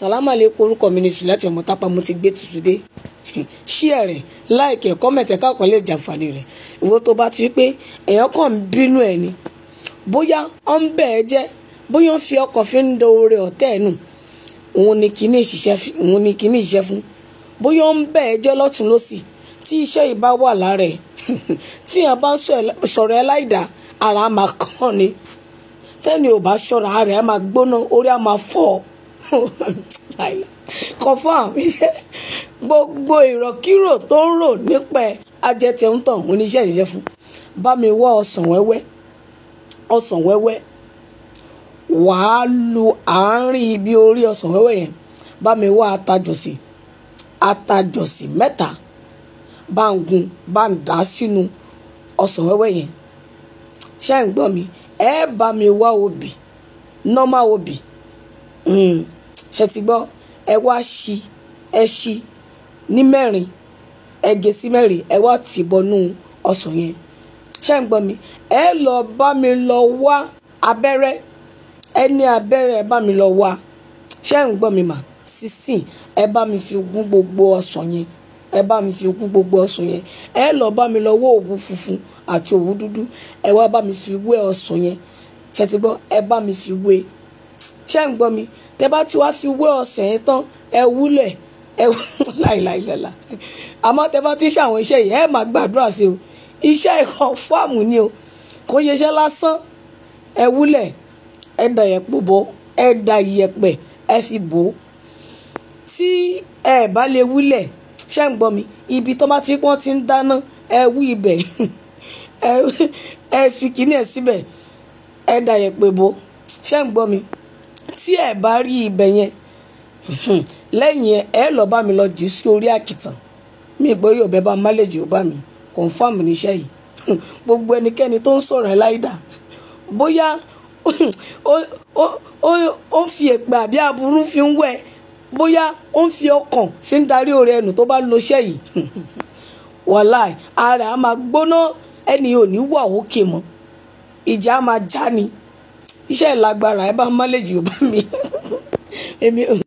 sàlámàlẹ́ orúkọ ministry láti ọmọ tápá mo ti gbé tuntun dé share rẹ̀ like ẹ̀ comment ẹ̀ káàkọ́ lè jàǹfààní rẹ̀ ìwọ tó bá ti rí pé èèyàn kàn ń bínú ẹ̀ ni bóyá ọ ń bẹ̀ ẹ́ jẹ́ bóyá ń fi ọkọ̀ fi ń do oore ọ̀tẹ́ ẹ̀ nù òun ni kíní ìṣiṣẹ́ fún bóyá ń bẹ̀ ẹ́ jẹ́ lọ́tún lọ́sì tí iṣẹ́ yìí bá wà lára ẹ̀ tí yẹn bá ń sọ̀rọ̀ ẹ láìdá ara máa kàn ni tẹ́ni ò bá ṣọ́ra ara ẹ̀ máa gbóná orí á máa fọ́ ọ confam iṣẹ́ gbogbo ìrọ̀kírò tó ń rò nípa ajẹtẹ ń tàn fún bá mi wá ọsàn wẹ́wẹ́ ọsàn wẹ́wẹ́ wàá lu àárín ibi orí ọsàn wẹ́wẹ́ yẹn bá mi wá atajọ̀sì atajọ̀sì mẹ́ta bá ń gun bá ń dá sínú ọsàn wẹ́wẹ́ yẹn ṣé ń gbọ́ mi ẹ bá mi wá obì normal obì Hmm. ṣe ti gbọ́ ẹ wá ṣí ẹ ṣí ní mẹ́rin ẹ gé sí mẹ́rin ẹ wá tì bọnú ọsàn yẹn ṣe ń gbọ́ mi ẹ lọ bá mi lọ wá abẹ́rẹ́ ẹ ní abẹ́rẹ́ ẹ bá mi lọ wá ṣe ń gbọ́ mi mà sixteen ẹ bá mi fi gún gbogbo ọsàn yẹn ẹ bá mi fi gún gbogbo ọsàn yẹn ẹ lọ bá mi lọ wó òwú funfun àti òwú dúdú ẹ wá bá mi fi wé ọsàn yẹn ṣe ti gbọ́ ẹ bá mi fi wé ṣé ń gbọ́ mi tẹ bá ti wá fi wé ọ̀sẹ̀ yẹn tán ẹ wúlẹ̀ ẹ láìláìlọ́la àmọ́ tẹ bá ti ṣe àwọn iṣẹ́ yìí ẹ máa gbàdúrà sí o iṣẹ́ ìkan fáàmù ni o kò ń ṣeṣẹ́ lásán ẹ wúlẹ̀ ẹ da ìyẹ̀pẹ̀ bò ẹ da ìyẹ̀pẹ̀ ẹ fi bò ó tí ẹ bá lè wúlẹ̀ ṣé ń gbọ́ mi ibi tó bá ti pọ́n ti ń dáná ẹ wú ibẹ̀ ẹ fi kíní ẹ̀ síbẹ̀ ẹ da ìyẹ̀pẹ̀ bò ṣé ń gbọ́ mi tí ẹ bá rí ibẹ̀ yẹn lẹ́yìn ẹ lọ bá mi lọ jì sí orí àkìtàn mi ìgbó yóò bẹ bá málèjì ó bá mi confam níṣẹ́ yìí gbogbo ẹnikẹ́ni tó ń sọ̀rọ̀ ẹ láìdá bóyá ó ń fi èpè àbí aburú fi ń wẹ̀ bóyá ó ń fi ọkàn fi ń darí oore ẹnu tó bá lo iṣẹ́ yìí wàláì ara máa gbóná ẹni ò ní wà òkè mọ́ ìjà máa já ni iṣẹ́ ìlágbára ẹ bá ń mọ́lẹ̀ yorùbá mi èmi